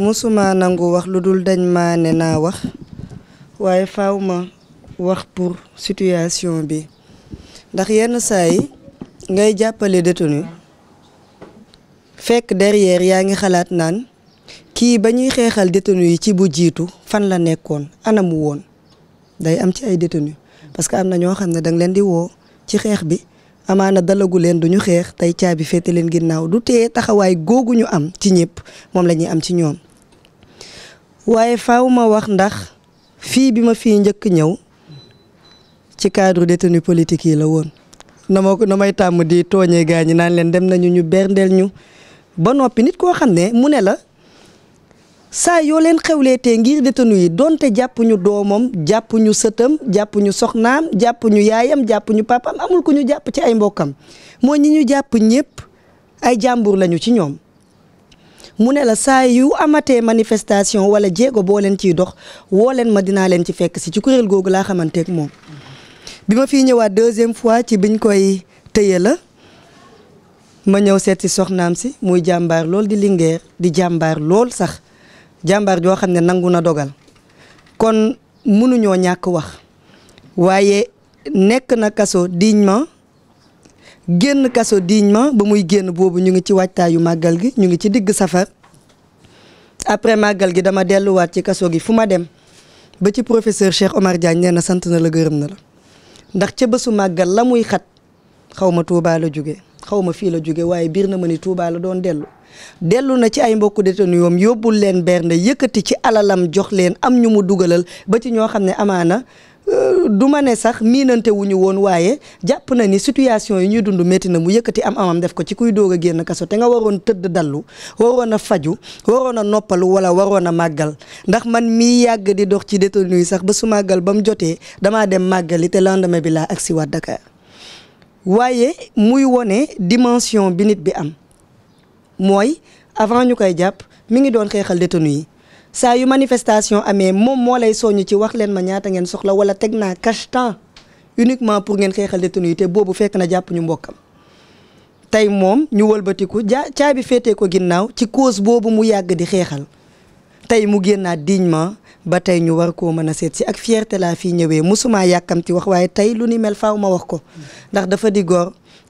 musuma nangu wax lu dul dañ ma ne naa wax waaye faaw ma wax pour situation bi ndax yenn saa yi ngay jàppale détenu fekk derrière yaa ngi xalaat naan kii ba ñuy xeexal détenu yi ci bu jiitu fan la nekkoon anamu woon day am ci ay détenu parce que am na ñoo xam ne danga leen di woo ci xeex bi amaana dalagu leen du ñu xeex tey caabi féete leen ginnaaw du tee taxawaay googu ñu am ci ñëpp moom lañuy am ci ñoom waaye faaw ma wax ndax fii bi ma fii njëkk ñëw ci cadre détenu politique yi la woon na ma na may tàmm di tooñee gaa ñi naan leen dem nañu ñu berndeel ñu ba noppi nit koo xam ne mu ne la saa yoo leen xewleetee ngir détenu yi donte jàpp ñu doomam jàpp ñu sëtam jàpp ñu soxnaam jàpp ñu yaayam jàpp ñu papam amul ku ñu jàpp ci ay mbokkam moo ñi ñu jàpp ñëpp ay jàmbur lañu ci ñoom mu ne la saa yu amatee manifestation wala jéego boo leen ciy dox woo leen ma dinaa leen ci fekk si ci kuréel googu laa xamanteeg moom. bi ma fiy ñëwaat deuxième fois ci biñ koy tëye la ma ñëw seet si soxnaam si muy jàmbaar lool di lingeer di jàmbaar lool sax jàmbaar joo xam ne nangu na dogal kon mënuñoo ñàkk wax waaye nekk na kaso dignement génn kaso ma ba muy génn boobu ñu ngi ci waajtaayu màggal gi ñu ngi ci digg safar après màggal gi dama delluwaat ci kaso gi fu ma dem ba ci professeur Cheikh Omar Diagne nee na sant na la gërëm na la ndax ca bésu màggal la muy xat xaw ma Touba la jóge xaw ma fii la jóge waaye biir na ma ni Touba la doon dellu dellu na ci ay mbokku détenu yom yóbbul leen bernde yëkkati ci alalam jox leen am ñu mu dugalal ba ci ñoo xam ne amaana Euh, du ma ne sax miinantewuñu woon waaye jàpp na ni situation yi ñuy dund métti na mu yëkkati am amam def ko ci kuy doog a génn kaso te nga waroon tëdd dallu waroon a faju waroon a noppalu wala waroon a màggal ndax man mii yàgg di dox ci détenu yi sax ba su màggal ba mu jotee damaa dem màggali te lendemain bi laa agsi waat Dakar waaye muy wone dimension bi nit bi am mooy avant ñu koy jàpp mi ngi doon xeexal détenu yi saa yu manifestation amee moom moo lay soññ ci wax leen ma ñaata ngeen soxla wala teg naa cash temps uniquement pour ngeen xeexal détenu yi te boobu fekk na jàpp ñu mbokkam tey moom ñu walbatiku ja caabi féetee ko ginnaaw ci cause boobu mu yàgg di xeexal tey mu génnaat dignement ba tey ñu war koo mën a seet si ak fierté laa fii ñëwee mosuma yàkkamti wax waaye tey lu ni mel faw ma wax ko ndax dafa di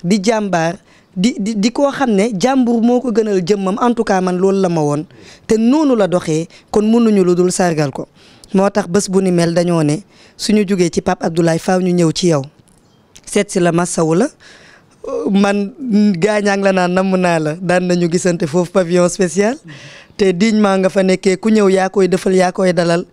di jàmbaar di di koo xam ne jàmbur moo ko gënal jëmmam en tout cas man loolu la ma woon te noonu la doxee kon mënuñu lu dul sargal ko moo tax bés bu ni mel dañoo ne suñu jógee ci Pape Abdoulaye Faw ñu ñëw ci yow seet si la masawu la man gaañaang la naan namm naa la daan nañu gisante foofu pavillon spécial te maa nga fa nekkee ku ñëw yaa koy defal yaa koy dalal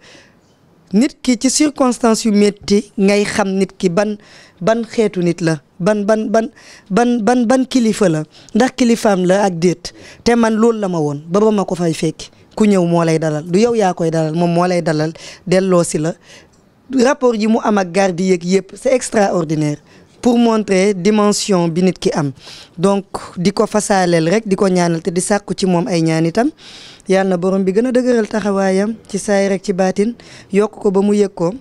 nit ki ci circonstance yu metti ngay xam nit ki ban ban xeetu nit la ban ban ban ban ban ban kilifa la ndax kilifaam la ak déet te man loolu la ma woon ba ba ma ko fay fekk ku ñëw moo lay dalal du yow yaa koy dalal moom moo lay dalal delloo si la rapport yi mu am ak garde yeeg yëpp c'est extraordinaire pour montrer dimension bi nit ki am donc di ko fasaaleel rek di ko ñaanal te di sàkku ci moom ay ñaan itam yàlla na borom bi gën a dëgëral taxawaayam ci saay rek ci baatin yokk ko ba mu yëg ko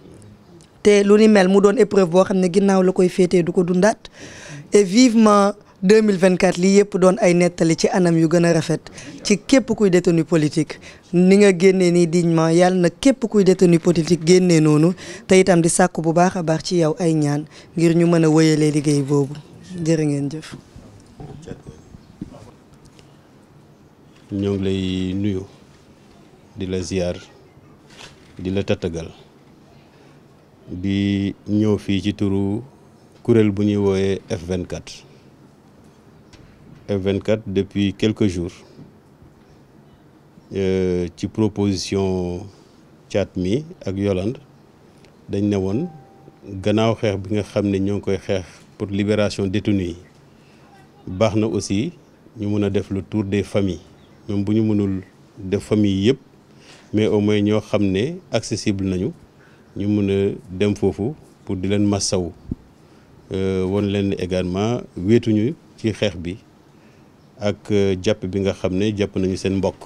te lu ni mel mu doon épreuve boo xam ne ginnaaw la koy féetee du ko dundaat et vivement 2024 lii yëpp doon ay nettali ci anam yu gën a rafet ci képp kuy détenu politique ni nga génnee nii dignement yàlla na képp kuy détenu politique génnee noonu te itam di sàkku bu baax a baax ci yow ay ñaan ngir ñu mën a wéyalee liggéey boobu jërë ngeen jëf ñoo ngi lay nuyu di la ziar di la Tatagal, di ñëw fii ci turu kurel bu ñuy F24 F24 depuis quelques jours euh, ci proposition chatmi ak Yolande dañ ne woon gannaaw bi nga xamné ñong koy xex pour libération détenus yi aussi ñu mëna def le tour des familles même bu ñu mënul def famille mais au moins ñoo xam accessible nañu ñu mën dem foofu pour di leen massawu euh, won leen également wéetuñu ci xeex bi ak euh, japp bi nga xamné japp nañu seen mbokk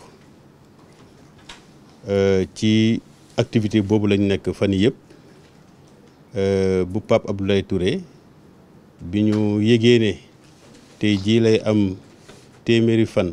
euh, ci activité boobu lañ nekk fan euh bu Pape Abdoulaye Touré biñu ñu yégee ne lay am téméri fan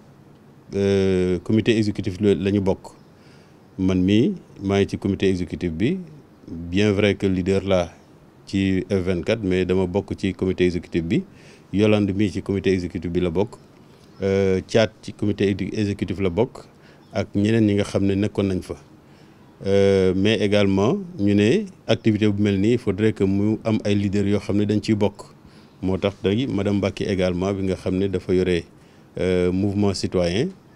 Euh, comité exécutif lañu bok man mi maa ci comité exécutif bi bien vrai que leader la ci F24 mais dama bok ci comité exécutif bi Yolande mi ci comité exécutif bi la euh Thiat ci comité exécutif la bok ak ñeneen ñi nga xamné nekkon nañ fa euh, mais également ñu né activité bu melni il faudrait que mu am ay leaders yo xamné dañ ci bok motax tax madame Baki, également bi nga xamné dafa yoré euh mouvement citoyen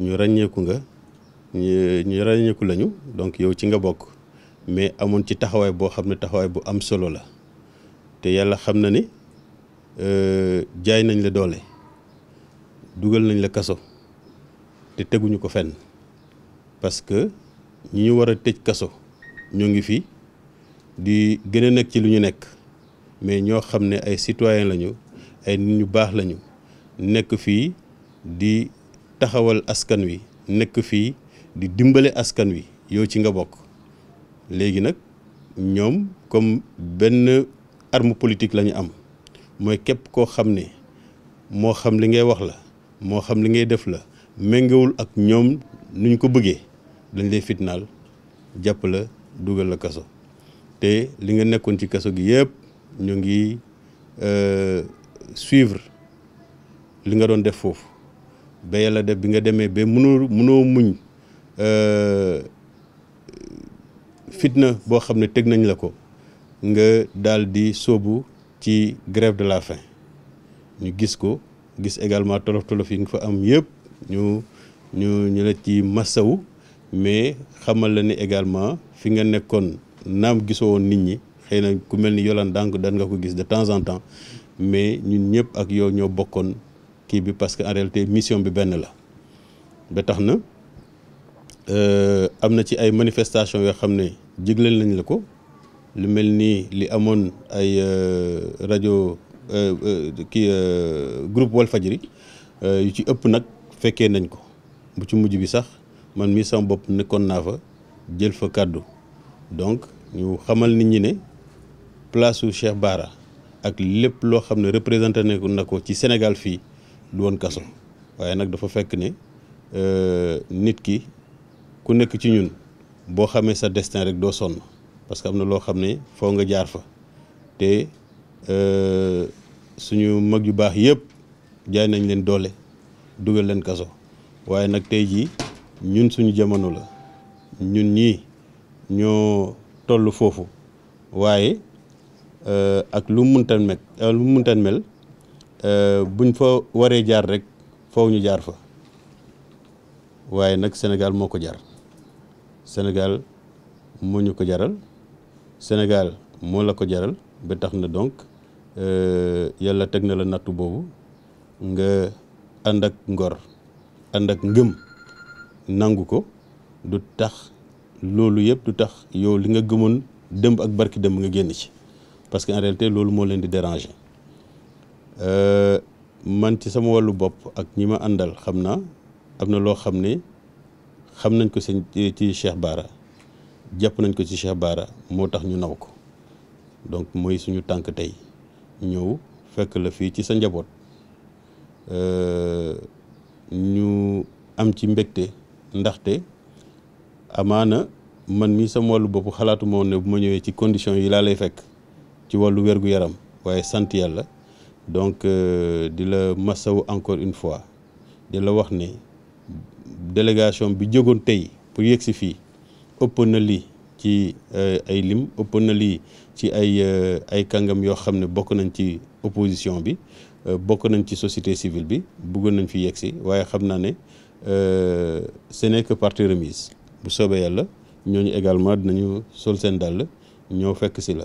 ñu ràññeeku nga ñu ràññeeku lañu donc yow ci nga bokk mais amoon ci taxawaay boo xam ne taxawaay bu am solo la te yàlla xam na ni euh, jaay nañ la doole dugal nañ la kaso te teguñu ko fenn parce que ñi ñu war a tëj kaso ñoo ngi fi di gën a nekk ci lu ñu nekk mais ñoo xam ne ay citoyen lañu ay nit ñu baax lañu nekk fii di. taxawal askan wi nekk fii di dimbale askan wi yow ci nga bokk léegi nag ñoom comme benn arme politique la ñu am mooy képp koo xam ne moo xam li ngay wax la moo xam li ngay def la méngawul ak ñoom nuñ ko bëggee dañ lay fitnaal jàpp la dugal la kaso te li nga nekkoon ci kaso gi yëpp ñu ngi euh, suivre li nga doon def foofu ba yàlla def bi nga demee ba mënoo mënoo muñ euh, fitna boo xam ne teg nañ la ko nga daal di sóobu ci grève de la faim ñu gis ko gis également tolof tolof yi nga fa am yëpp ñu ñu ñu la ci massawu mais xamal la ni également fi nga nekkoon naam gisoo woon nit ñi xëy na ku mel ni Yolande daan nga ko gis de temps en temps mais ñun ñëpp ak yow ñoo bokkoon. kii bi parce que en réalité mission bi benn la ba tax na euh, am na ci ay manifestations yoo xam ne jigleel nañ la ko lu mel ni li amoon ay euh, rajo euh, kii groupe Walfadjri yu ci ëpp nag fekkee nañ ko bu ci mujj bi sax man mii sama bopp nekkoon naa fa jël fa kàddu donc ñu xamal nit ñi ne place ou Cheikh Bara ak lépp loo xam ne représenté na ci Sénégal fii. du woon kaso waaye nag dafa fekk ne euh, nit ki ku nekk ci ñun boo xamee sa destin rek doo sonn parce que am na loo xam ne foo nga jaar fa te euh, suñu mag yu baax yëpp jaay nañ leen doole dugal leen kaso waaye nag tey jii ñun suñu jamono la ñun ñii ñoo toll foofu waaye euh, ak lu mu mëntan mel mel Euh, buñ fa waree jaar rek faw ñu jaar fa Sénégal moo ko jar Sénégal moo ko jaral Sénégal moo la ko na donc euh, yàlla teg na la nattu boobu nga ànd ngor ànd ak ngëm nangu ko du tax loolu yëpp du parce qu'en réalité loolu moo qui di déranger. Euh, man ci sama wàllu bopp ak ñi ma àndal xam naa am na loo xam ne xam nañ ko seen ci Cheikh Bara jàpp nañ ko ci Cheikh baara moo tax ñu naw ko donc mooy suñu tànk tey ñëw fekk la fii ci sa njaboot euh, ñu am ci mbegte ndaxte amaana man mii sama wàllu bopp xalaatu ma woon bu ma ñëwee ci condition yi laa lay fekk ci wàllu wérgu yaram waaye sant yàlla donc euh, de la masawu encore une fois de la wax ne délégation bi jógoon tey pour yegg fi fii euh, li ci ay lim ëpp li ci ay ay kangam yo xamné ne nañ ci opposition bi euh, bokk nañ ci société civile bi bëggon nañ fi yegg waye xamna né euh ce n'est que partie remise bu soobee yalla ñooñu également dinañu sol sen dal ñoo fekk ci la.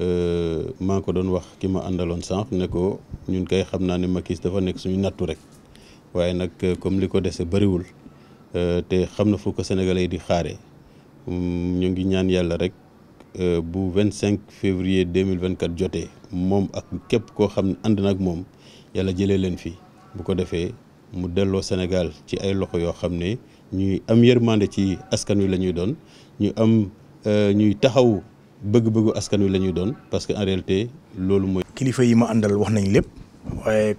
Euh, maa ngi ko doon wax ki ma àndaloon sànq ne ko ñun kay xam naa ne Macky dafa nekk suñu nattu rek waaye nag euh, comme li ko dese bëriwul euh, te xam na fu ko sénégalais di xaare mm, ñu ngi ñaan yàlla rek bu vingt 25 février 2024 jotee moom ak képp koo xam ne ànd nag moom yàlla jëlee leen fi bu ko defee mu delloo Sénégal ci ay loxo yoo xam ne ñuy am yërmande ci askan wi la ñuy doon ñu am ñuy taxaw bëgg-bëggu askan wi la ñuy doon parce que en réalité loolu mooy. kilifa yi ma àndal wax nañ lépp waaye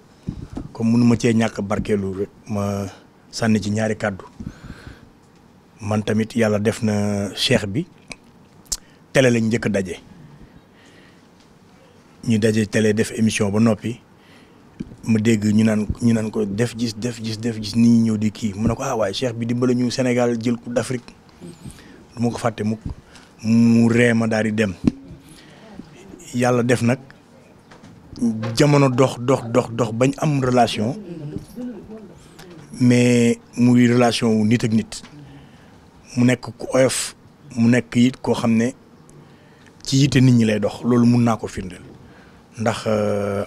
comme mënu ma cee ñàkk barkeelu rek ma sànni ci ñaari kàddu man tamit yàlla def na cheikh bi tele lañ njëkk daje ñu daje télé def émission ba noppi ma dégg ñu naan ñu naan ko def gis def gis def gis nit ñi ñëw di kii mu ne ko ah waaye cheikh bi dimbale ñu Sénégal jël coupe d'Afrique du ma ko fàtte mukk mu ree ma daal di dem yàlla def nag jamono dox dox dox dox bañ am relation mais muy relation wu nit ak nit mu nekk ku oyof mu nekk it koo xam ne ci yitte nit ñi lay dox loolu mun naa ko firndeel ndax euh,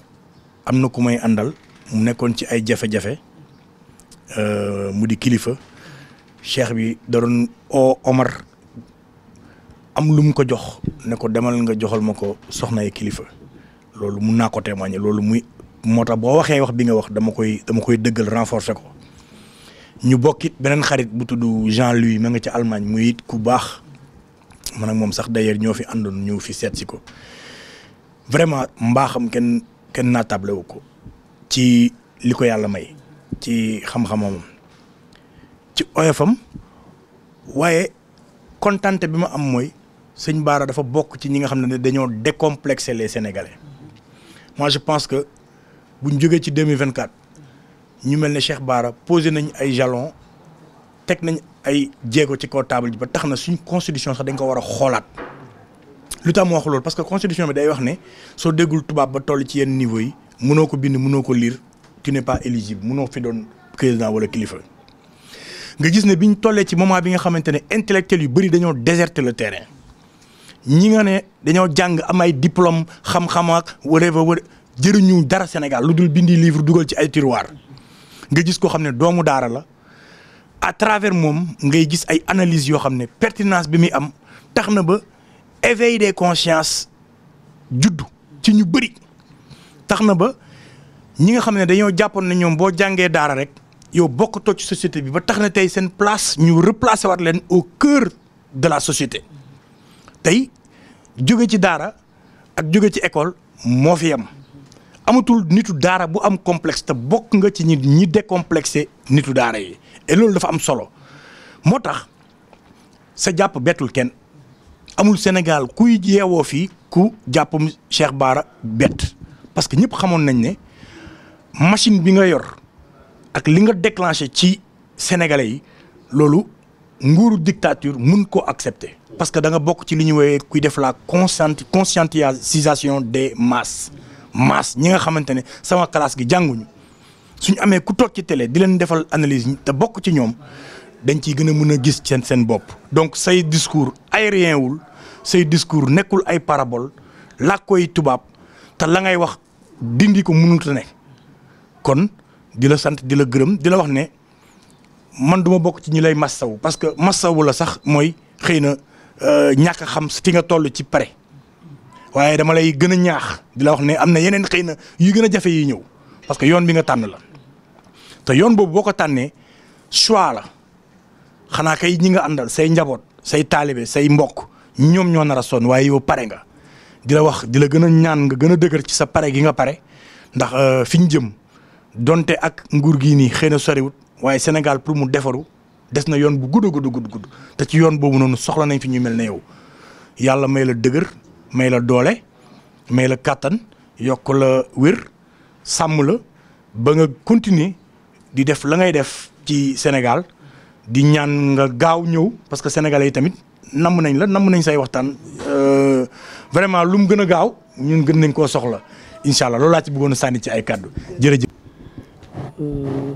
am na ku may àndal mu nekkoon ci ay jafe-jafe euh, mu di kilifa cheikh bi da doon Omar am lu mu ko jox ne ko demal nga joxal mako soxna yi kilifa lolou mu na ko témoigner lolou muy mota bo waxe wax bi nga wax dama koy dama koy deugal renforcer ko ñu bokkit benen xarit bu tuddu Jean-Louis ma nga ci Allemagne muy it ku bax man ak mom sax d'ailleurs ñofi fi ñu fi set si ko vraiment ken ken na table wu ko ci liko yalla may ci xam-xamam ci OFM waye kontante bima am moy Sëñ Bara dafa bok ci ñi nga xam dañoo décomplexer les Sénégalais moi je pense que buñ jógee ci 2024 ñu melni Cheikh Bara posé nañ ay jalons tek nañ ay djégo ci kaw table ba taxna suñ constitution sax dañ ko wara xolat lutam lu wax parce que constitution bi day wax né so déggul tubab ba toll ci yeen niveau yi mëno ko bind mëno ko lire tu n'es pas éligible mëno fi doon président wala kilifa nga gis ne biñ tollé ci moment bi nga xamante ne intellectuels yu bari dañoo déserter le terrain. ñi nga ne dañoo jàng am ay diplôme xam-xam ak whatever jëriñu dara Sénégal lu dul bindi livre dugal ci ay tiroir nga gis koo xam ne doomu daara la à travers moom ngay gis ay analyse yoo xam ne pertinance bi muy am tax na ba éveil des consciences juddu ci ñu bëri tax na ba ñi nga xam ne dañoo jàppoon ne ñoom boo jàngee daara rek yow bokk toj ci société bi ba tax na tey seen place ñu replacé waat leen au cœur de la société tey jóge ci daara ak jóge ci école moo fi yem amatul nitu daara bu am complexe te bokk nga ci ñi ñi décomplexé nitu daara yi loolu dafa am solo moo tax sa jàpp bettul kenn amul Sénégal kuy yeewoo fii ku jàppum Cheikh Bara bett parce que ñëpp xamoon nañ ne machine bi nga yor ak li nga déclenché ci sénégalais yi loolu nguuru dictature mën ko accepter parce que da nga bok ci li ñu woowee kuy def la conscientisation des masses masse ñi nga xamantene ne sama classe gi jànguñu suñu amé ku tok ci télé di leen defal analyse te bok ci ñom dañ ci gëna mëna gis sen sen bop donc say discours aérien wul say discours nekul ay parabole koy tubab te la ngay wax dindi ko ta kon di la sant di la wax ne. man duma ma ci ñi lay massaw parce que massaw la sax moy xeyna euh ñak xam fi nga tollu ci pare waye dama lay gëna ñaax di wax ne amna na xeyna na yu gëna jafé jafe yi ñëw parce que yoon bi nga tan la te yoon bobu boko tanné choix la xana kay ñi nga andal say njabot say talibé say mbokk ñom ñoo nara son waye yow nga di wax di gëna ñaan nga gëna dëgër ci sa pare gi nga paré ndax euh fiñ jëm donte ak nguur gi ni xeyna sori wut waye Senegal pour mu defaru des na yon bu gudu gudu gudu gudu te ci yoon bobu nonu soxla nañ fi ñu melne yow yalla may la dëgër may la doole may la katan yok la wir sam la ba nga continuer di def la ngay def ci senegal di ñaan nga gaaw ñew parce que Senegal tamit nam nañ la nam nañ say euh vraiment lu mu gëna gaaw ñun gën nañ ko soxla inshallah lolu la ci bëggono sanni ci ay cadeau jërëjëf. Euh,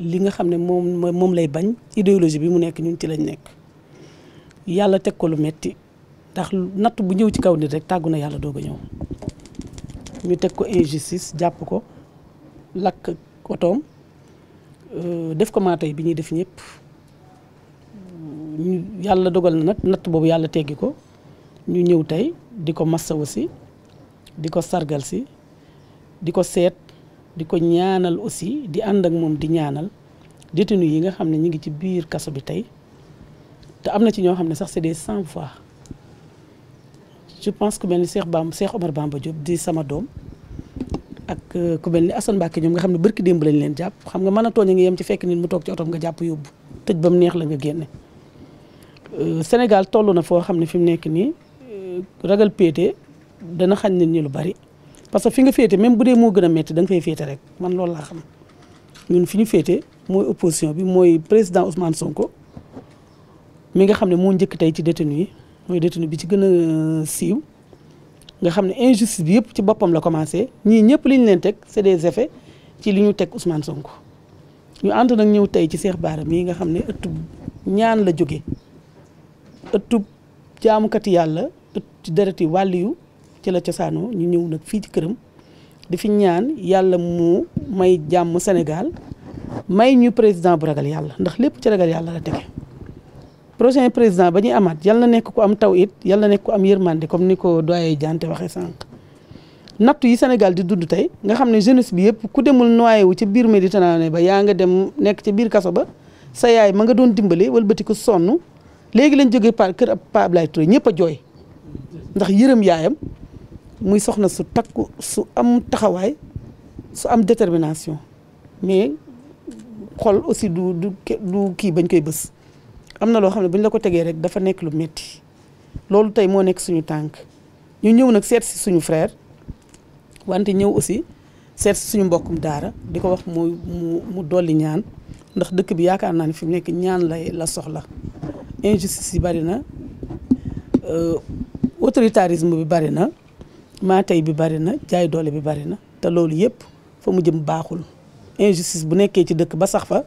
li nga xam ne moom moom lay bañ idéologie bi mu nekk ñun ci lañ nekk yàlla teg ko lu metti ndax natt bu ñëw ci kaw nit rek tàgg na yàlla doog a ñëw ñu teg ko injustice jàpp ko lakk otoom euh, def ko maa bi ñuy def ñëpp ñu yàlla dogal na natt boobu yàlla teggi ko ñu ñëw tey di ko massawu si di ko sargal si di ko seet di ko ñaanal aussi di and ak mom di ñaanal détenu yi nga xam ñi ngi ci biir kasso bi tay te amna ci ño xam sax c'est des sans fois je pense que ben Cheikh bam Cheikh Omar Bamba job di sama dom ak euh, ku mel ni Assane Mbacke ñom nga xam barki demb lañ leen japp xam nga mën a tooñ a ci fekk nit mu tok ci nga japp yobbu tejj bam neex la nga Senegal euh, tollu na fo xam fim fi nekk euh, ragal pété dana xagn nit ñi lu bari parce que fi nga féete même bu dee moo gën a métti da nga fay rek man loolu laa xam ñun fi ñu féete mooy opposition bi mooy président Ousmane Sonko mi nga xam ne moo njëkk tey ci détenu yi mooy détenu bi ci gën a euh, nga xam ne injustice bi yëpp ci boppam la commencé ñii ñëpp liñ leen teg c'est des effets ci li ñu teg Ousmane Sonko ñu ànd nag ñëw tey ci seex Bara mii nga xam ne ëttub ñaan la jóge ëttub jaamukati yàlla ëtt ci dereti wàlliyu ci la cosaanoo ñu ñëw nag fii ci këram di fi ñaan yàlla mu may jàmm Sénégal may ñu président bu ragal yàlla ndax lépp ci ragal yàlla la tege prochain président ba ñuy amaat yal na nekk ko am taw it yal nekk ko am yërmande comme ni ko doyee jante waxee sànq nattu yi Sénégal di dund tey nga xam ne jeunesse bi yëpp ku demul noyé wu ci biir Méditerranée ba yaa nga dem nekk ci biir kaso ba sa yaay ma nga doon dimbale walbati ko sonn léegi lañ jógee par kër Pape Abdoulaye Touré ñëpp a jooy ndax yërëm yaayam muy soxna su takku su am taxawaay su am détermination mais xol aussi du du du kii bañ koy bës am na loo xam ne bu la ko tegee rek dafa nekk lu metti loolu tey moo nekk suñu tànk ñu ñëw nag seet si suñu frère wante ñëw aussi seet suñu mbokkum daara di ko wax mu mu mu dolli ñaan ndax dëkk bi yaakaar naa ne fi mu nekk ñaan lay la soxla injustice si bari na euh, autoritarisme bi bari na maa tey bi bari na jaay doole bi bari na te loolu yëpp fa mu jëm baaxul injustice bu nekkee ci dëkk ba sax fa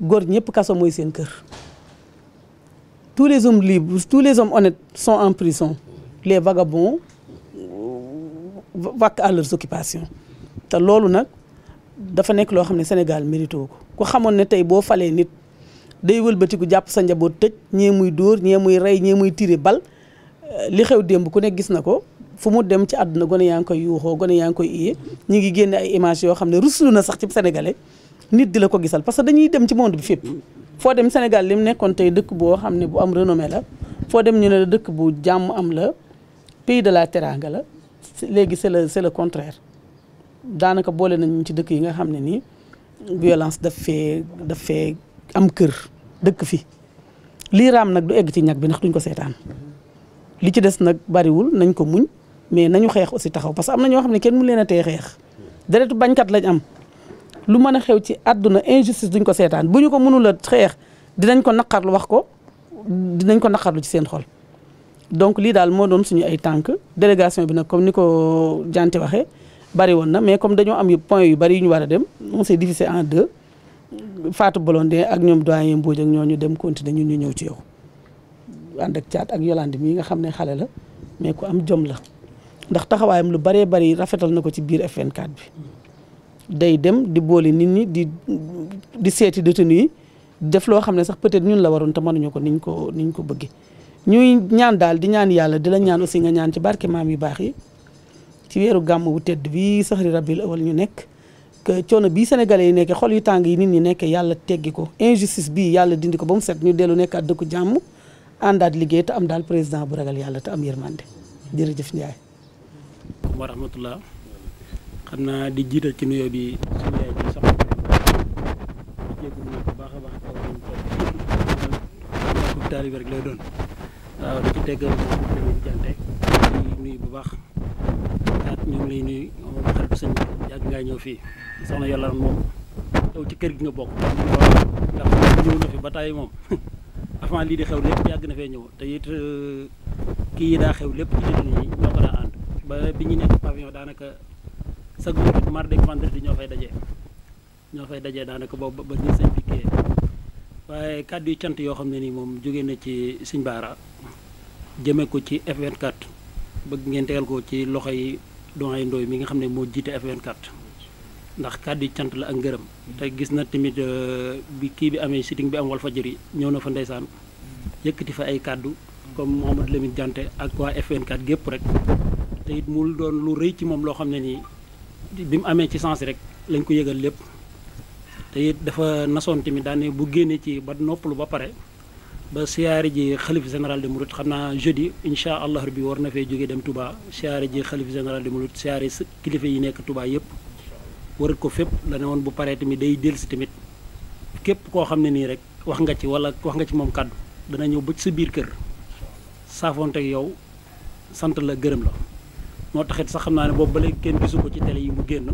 góor ñëpp kaso mooy seen kër tous les hommes libres tous les hommes honnêtes son en prison les vagabonds vaquent à leurs occupations te loolu nag dafa nekk loo xam ne Sénégal mérité ko ku xamoon ne tey boo falee nit day wëlbatiku jàpp sa njaboot tëj ñee muy dóor ñee muy rey ñee muy tiré bal li xew démb ku nekk gis na ko fu mu dem ci àdduna gone yaa ngi koy yuuxoo gone yaa ngi koy iye ñu ngi génne ay images yoo xam ne ruslu na sax ci sénégalais nit di la ko gisal parce que dañuy dem ci monde bi fépp foo dem Sénégal li mu nekkoon tey dëkk boo xam ne bu am renommée la foo dem ñu ne la dëkk bu jàmm am la pays de la teranga la léegi c'est le c'est le contraire daanaka boole nañu ci dëkk yi nga xam ne nii violence daf fee daf fee am kër dëkk fi lii raam nag du egg ci ñag bi ndax duñ ko seetaan li ci des nag bariwul nañ ko muñ mais nañu xex aussi taxaw parce que amna na xamné xam kenn mu leena a tee xeex deretu bañkat lañ am lu mën xew ci aduna injustice duñ ko sétane buñu ñu ko mënul a xeex dinañ ko naqarlu wax ko dinañ ko naqarlu ci seen xol donc li daal mo doon suñu ay tank délégation bi nak comme niko ko waxé bari woon na mais comme dañu am yu point yu bari yu ñu war dem on s'est divisé en deux Fatou Blondin ak ñom doyen Mbodj ak ñoo ñu dem continuer ñun ñu ñëw ci yow and ak chat ak Yolande mi nga xamné xalé la mais ku am jom la ndax taxawaayam lu bëree bëri rafetal na ko ci biir F24 bi day dem di boole nit ñi di di seeti détenu yi def loo xam ne sax peut-être ñun la waroon te mënuñu ko niñ ko niñ ko bëggee ñuy ñaan daal di ñaan yàlla di la ñaan aussi nga ñaan ci barke maam yu baax yi ci weeru gàmm bu tedd bi saxri rabil awal ñu nekk que coono bii sénégalais yi nekkee xol yu tàng yi nit ñi nekkee yàlla teggi ko injustice bi yàlla dindi ko ba mu set ñu dellu nekkaat at dëkku jàmm àndaat liggéey te am daal président bu ragal yàlla te am yërmande jërëjëf Ndiaye wa rahmatullah xam naa di jiital ci nuyoo bi suñu yaay bi soxna di jéggul na bu baax a baax taw ko ko taalibi rek lay doon waaw di ci teggal di jante di nuyu bu baax ak ñu ngi lay nuyu xarit sëñ soxna yow ci kër gi nga ndax na fi avant di xew na te xew ci ba bi ñu nekk pavillon daanaka chaque jour mardi ak vendredi ñoo fay dajee ñoo fay dajee daanaka boobu ba ni sëñ piqué waaye kàddu yu cant yoo xam ne nii moom jóge na ci sëñ Baara jëme ko ci F24 bëgg ngeen tegal ko ci loxo yi doyen Ndoye mi nga xam ne moo jiite F24 ndax kàddu yu cant la ak ngërëm te gis na tamit euh, bi kii bi amee sitting bi am Walfadjri ñëw na fa ndeysaan yëkkati fa ay kàddu comme Mouhamadou Lamine Diante ak waa F24 gépp rek te it mu doon lu rëy ci moom loo xam ne nii bi mu amee ci sens rek lañ ko yëgal lépp te it dafa nasoon tamit daane bu génnee ci ba lu ba pare ba siyaare ji xalif général de Mouride xam naa jeudi incha bi war na fee jógee dem Touba siyaare ji xalif général de Mouride kilifa yi nekk tubaa yëpp warat ko fépp lane woon bu paree tamit day dellusi tamit képp koo xam ne nii rek wax nga ci wala wax nga ci moom kàddu dana ñëw ba ci sa biir kër saafoonte yow sant la gërëm la. moo taxit sax xam naa ne boobu ba léegi kenn gisu ko ci télé yi mu génn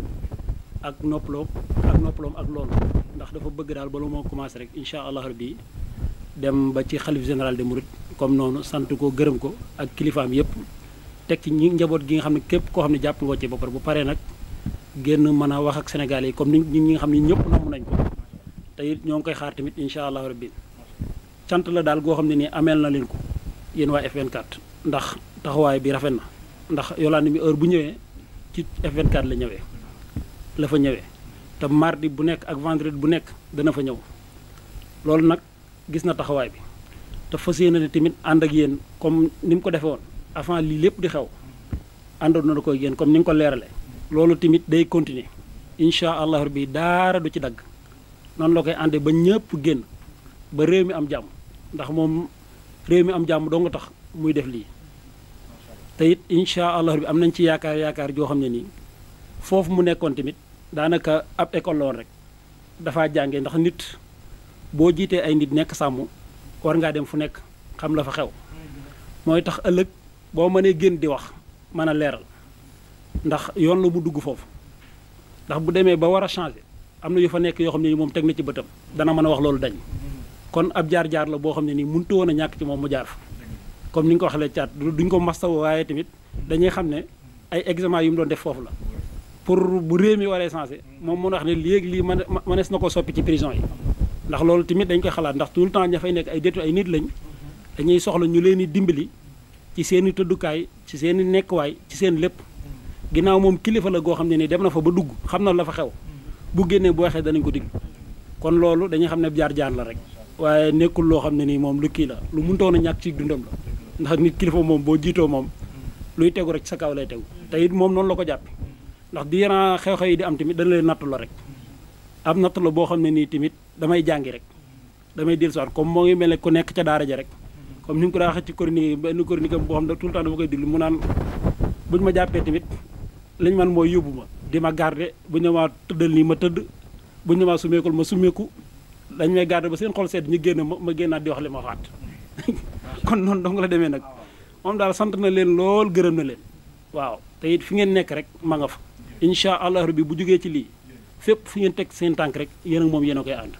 ak noppaloom ak noppaloom ak loolu ndax dafa bëgg daal bala moo commencé rek incha allah rabbi dem ba ci xalif général de Mouride comme noonu sant ko gërëm ko ak kilifaam yëpp teg ci ñi njaboot gi nga xam ne képp koo xam ne jàpp nga ci ba pare bu paree nag génn mën a wax ak sénégalais yi comme ni ñi nga xam ne ñëpp namm nañ ko te it ñoo ngi koy xaar tamit incha allah rabbi cant la daal goo xam ne nii ameel na leen ko yéen waa ndax taxawaay bi rafet na. ndax Yolande mi heure bu ñëwé ci F24 la ñëwé la fa ñëwé te mardi bu nekk ak vendredi bu nekk dana fa ñëw lool nak gis na taxaway bi te fas yéene ne tamit ànd ak yeen comme nim ko defee won avant li lepp di xew àndoon na ko yeen comme ni ko léralé loolu timit day continuer insha allah rabbi dara du ci dag non la koy andé ba ñëpp genn ba réew mi am jamm ndax mom réew mi am jamm do nga tax muy def li tayit insha allah bi am nañ ci yaakaar yaakaar joo xam ne nii foofu mu nekkoon tamit daanaka ab école loon rek dafa jànge ndax nit boo jiitee ay nit nekk sàmm war ngaa dem fu nekk xam la fa xew mooy tax ëllëg boo mënee génn di wax mën a leeral ndax yoon la mu dugg foofu ndax bu demee ba war a changer am na yu fa nekk yoo xam ne tek moom teg na ci bëtam dana mën a wax loolu dañ kon ab jaar-jaar la boo xam ne nii mënut woon a ci moom mu jaar comme ni nga ko waxee caat duñ ko mastaw waaye tamit dañuy xam ne ay examen yu mu doon def foofu la pour bu réew mi waree sensé moom mën wax ne léegi lii mën mënees na ko soppi ci prison yi ndax loolu tamit dañ koy xalaat ndax tout le temps ña nekk ay détenu ay nit lañ dañuy soxla ñu leen di dimbali ci seen i tëddukaay ci seen nekkuwaay ci seen lépp ginnaaw moom kilifa la goo xam ne nii dem na fa ba dugg xam na la fa xew bu génnee boo waxee danañ ko digg kon loolu dañuy xam ne jaar jaan la rek waaye nekkul loo xam ne nii moom lu kii la lu mëntoon a ñàkk ci dundam la ndax nit kilifa moom boo jiitoo moom luy tegu rek sa kaw lay tegu te it moom noonu la ko jàppe ndax di yaran xew-xew yi di am tamit dana lay nattu la rek am nattu la boo xam ne nii tamit damay jàngi rek damay dellu siwaat comme moo ngi mel ne ku nekk ca daara ja rek comme ni ñu ko benn chronique am boo xam ne tout mu naan buñ ma jàppee tamit liñ man mooy yóbbu ma di ma garde buñ ne maa tëddal nii ma tëdd bu ne maa sumeekul ma summeeku dañ may garde ba seen xool sedd ñu génn ma ma génnaat di wax li kon noonu dong la demee nag moom daal sant na leen lool gërëm na leen waaw te it fi ngeen nekk rek ma nga fa incha allah rabbi bu jógee ci lii fépp fu ngeen teg seen tànk rek yeneen moom yéen a koy ànd